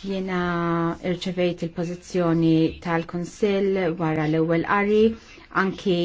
Jiena irċevejt il-pożizzjoni tal-Kunsill wara l-ewwel qari anki